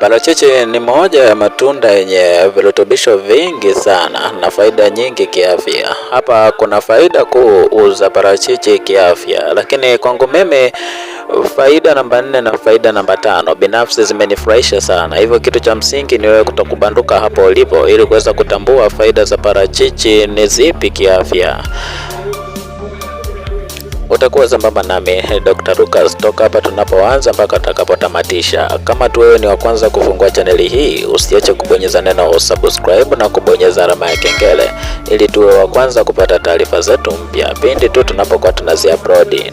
Parachichi ni moja ya matunda yenye virutubisho vingi sana na faida nyingi kiafya. Hapa kuna faida kuu uza parachichi kiafya, lakini kwangu mimi faida namba nne na faida namba tano binafsi zimenifurahisha sana. Hivyo kitu cha msingi ni wewe kutokubanduka hapo ulipo, ili kuweza kutambua faida za parachichi ni zipi kiafya. Utakuwa sambamba nami Dr. Lucas toka hapa tunapoanza mpaka tutakapotamatisha. Kama tu wewe ni wa kwanza kufungua chaneli hii, usiache kubonyeza neno subscribe na kubonyeza alama ya kengele ili tuwe wa kwanza kupata taarifa zetu mpya pindi tu tunapokuwa tunazi upload.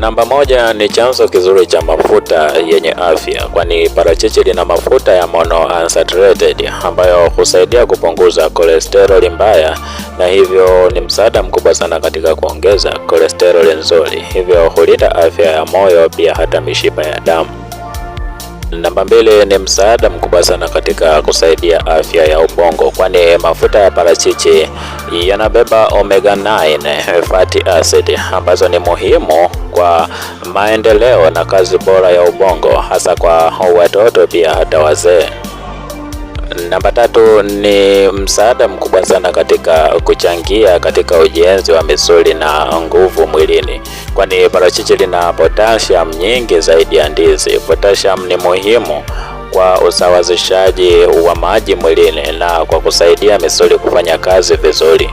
Namba moja ni chanzo kizuri cha mafuta yenye afya, kwani parachichi lina mafuta ya monounsaturated ambayo husaidia kupunguza kolesteroli mbaya na hivyo ni msaada mkubwa sana katika kuongeza kolesteroli nzuri, hivyo hulinda afya ya moyo, pia hata mishipa ya damu. Namba mbili ni msaada mkubwa sana katika kusaidia afya ya ubongo, kwani mafuta ya parachichi yanabeba omega 9 fatty acid ambazo ni muhimu kwa maendeleo na kazi bora ya ubongo, hasa kwa watoto, pia hata wazee. Namba tatu ni msaada mkubwa sana katika kuchangia katika ujenzi wa misuli na nguvu mwilini, kwani parachichi lina potassium nyingi zaidi ya ndizi. Potassium ni muhimu kwa usawazishaji wa maji mwilini na kwa kusaidia misuli kufanya kazi vizuri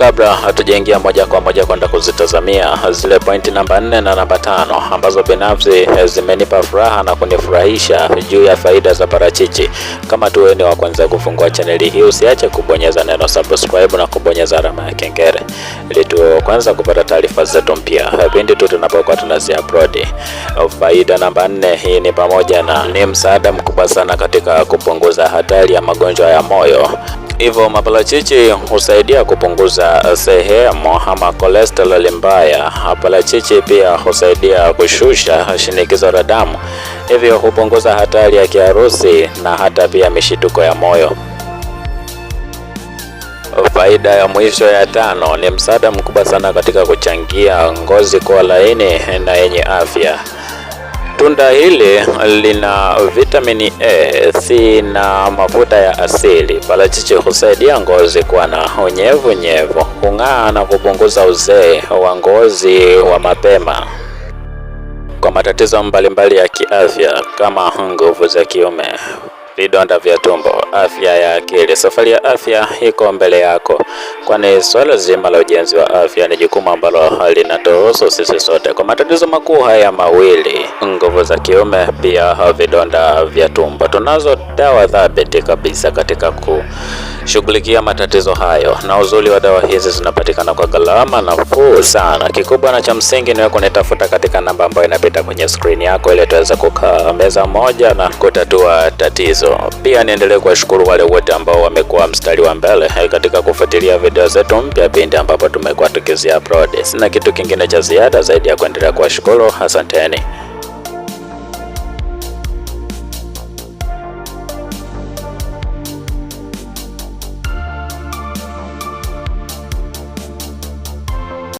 kabla hatujaingia moja kwa moja kwenda kuzitazamia zile pointi namba nne na namba tano ambazo binafsi eh, zimenipa furaha na kunifurahisha juu ya faida za parachichi. Kama wewe ni wa kwanza kufungua chaneli hii, usiache kubonyeza neno subscribe na kubonyeza alama ya kengele ili tuwe kwanza kupata taarifa zetu mpya pindi tu tunapokuwa tunazi upload. Faida namba nne hii ni pamoja na ni msaada mkubwa sana katika kupunguza hatari ya magonjwa ya moyo. Hivyo maparachichi husaidia kupunguza sehemu ama cholesterol mbaya. Maparachichi pia husaidia kushusha shinikizo la damu, hivyo hupunguza hatari ya kiharusi na hata pia mishituko ya moyo. Faida ya mwisho ya tano ni msaada mkubwa sana katika kuchangia ngozi kuwa laini na yenye afya. Tunda hili lina vitamini A, C na mafuta ya asili. Parachichi husaidia ngozi kuwa na unyevunyevu, kung'aa na kupunguza uzee wa ngozi wa mapema. Kwa matatizo mbalimbali mbali ya kiafya kama nguvu za kiume vidonda vya tumbo, afya ya akili. Safari ya afya iko mbele yako, kwani swala zima la ujenzi wa afya ni jukumu ambalo linatuhusu sisi sote. Kwa matatizo makuu haya mawili, nguvu za kiume, pia vidonda vya tumbo, tunazo dawa thabiti kabisa katika ku shughulikia matatizo hayo, na uzuri wa dawa hizi zinapatikana kwa gharama nafuu sana. Kikubwa na cha msingi ni wewe kunitafuta katika namba ambayo inapita kwenye skrini yako, ili tuweze kukaa meza moja na kutatua tatizo. Pia niendelee kuwashukuru wale wote ambao wamekuwa mstari wa mbele eh, katika kufuatilia video zetu mpya pindi ambapo tumekuwa tukizia. upload. Sina kitu kingine cha ziada zaidi ya kuendelea kuwashukuru. Asanteni.